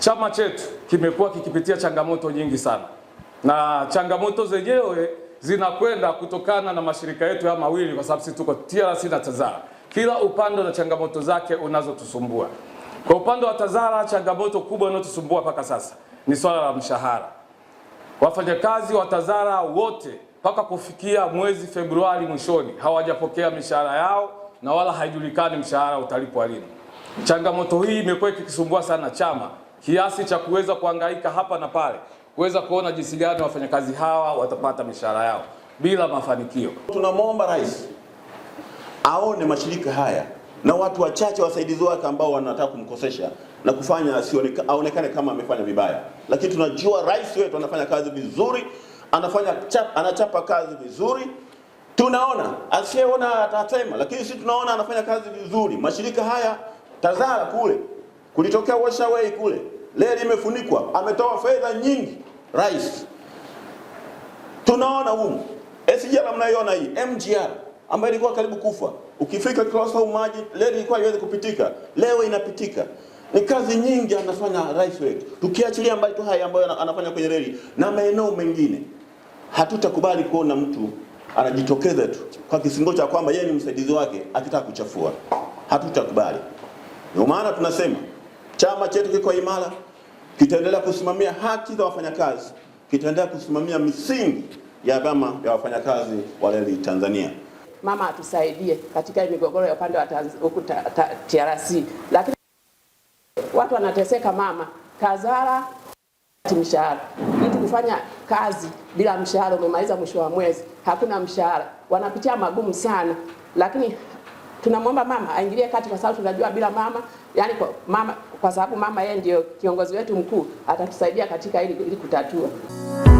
Chama chetu kimekuwa kikipitia changamoto nyingi sana, na changamoto zenyewe zinakwenda kutokana na mashirika yetu ya mawili, kwa sababu sisi tuko TRC na TAZARA. Kila upande na changamoto zake unazotusumbua. Kwa upande wa TAZARA, changamoto kubwa inayotusumbua mpaka sasa ni swala la mshahara. Wafanyakazi wa TAZARA wote mpaka kufikia mwezi Februari mwishoni hawajapokea mishahara yao na wala haijulikani mshahara utalipwa lini. Changamoto hii imekuwa ikisumbua sana chama kiasi cha kuweza kuhangaika hapa na pale kuweza kuona jinsi gani wafanyakazi hawa watapata mishahara yao bila mafanikio. Tunamwomba rais aone mashirika haya na watu wachache wasaidizi wake ambao wanataka kumkosesha na kufanya aonekane kama amefanya vibaya, lakini tunajua rais wetu anafanya kazi vizuri, anafanya anachapa kazi vizuri tunaona asiyeona atasema, lakini sisi tunaona anafanya kazi vizuri. Mashirika haya Tazara kule kulitokea washaway kule, leo imefunikwa, ametoa fedha nyingi rais. Tunaona huko SGR mnaiona hii MGR ambayo ilikuwa karibu kufa, ukifika au maji leo ilikuwa haiwezi kupitika, leo inapitika. Ni kazi nyingi anafanya rais wetu, tukiachilia mbali tu haya ambayo anafanya kwenye reli na maeneo mengine, hatutakubali kuona mtu anajitokeza tu kwa kisingo cha kwamba yeye ni msaidizi wake, akitaka kuchafua hatutakubali. Ndio maana tunasema chama chetu kiko imara, kitaendelea kusimamia haki za wafanyakazi, kitaendelea kusimamia misingi ya vyama vya wafanyakazi wa reli Tanzania. Mama atusaidie katika migogoro ya upande wa huku TRC, lakini watu wanateseka mama. TAZARA mshahara mtu kufanya kazi bila mshahara, umemaliza mwisho wa mwezi hakuna mshahara, wanapitia magumu sana, lakini tunamwomba mama aingilie kati, kwa sababu tunajua bila mama yani kwa mama, kwa sababu mama yeye ndio kiongozi wetu mkuu, atatusaidia katika ili, ili kutatua